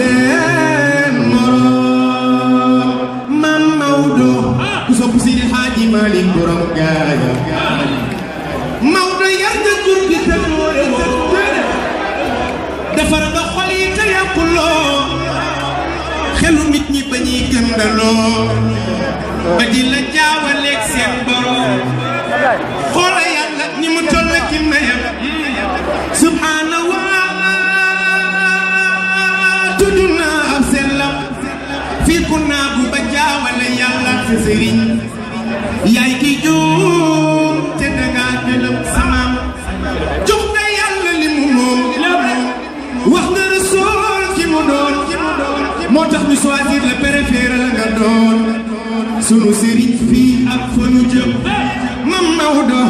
seen moroom Mam Maodo ku sopp Seydi Hadji Malick borom gaaya Maodo yar nga jur gi te boole woo defar nga xol yi te yàquloo xelu nit ñi ba ñuy gëndaloo sa sëriñ yaay ki juum te yàlla li mu moom wax nga rasool ki mu doon moo tax ñu choisir le la nga doon sunu sëriñ fii ak fa ñu jëm mam Maodo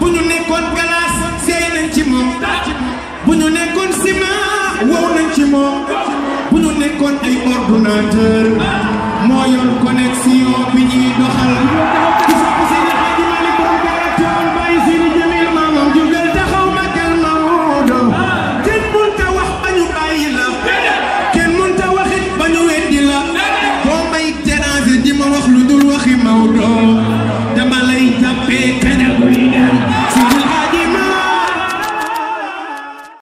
bu ñu nekkoon glace seey nañ bu ñu nekkoon ciment wow nañ ci bu ñu nekkoon ay ordinateur moo yoon connexi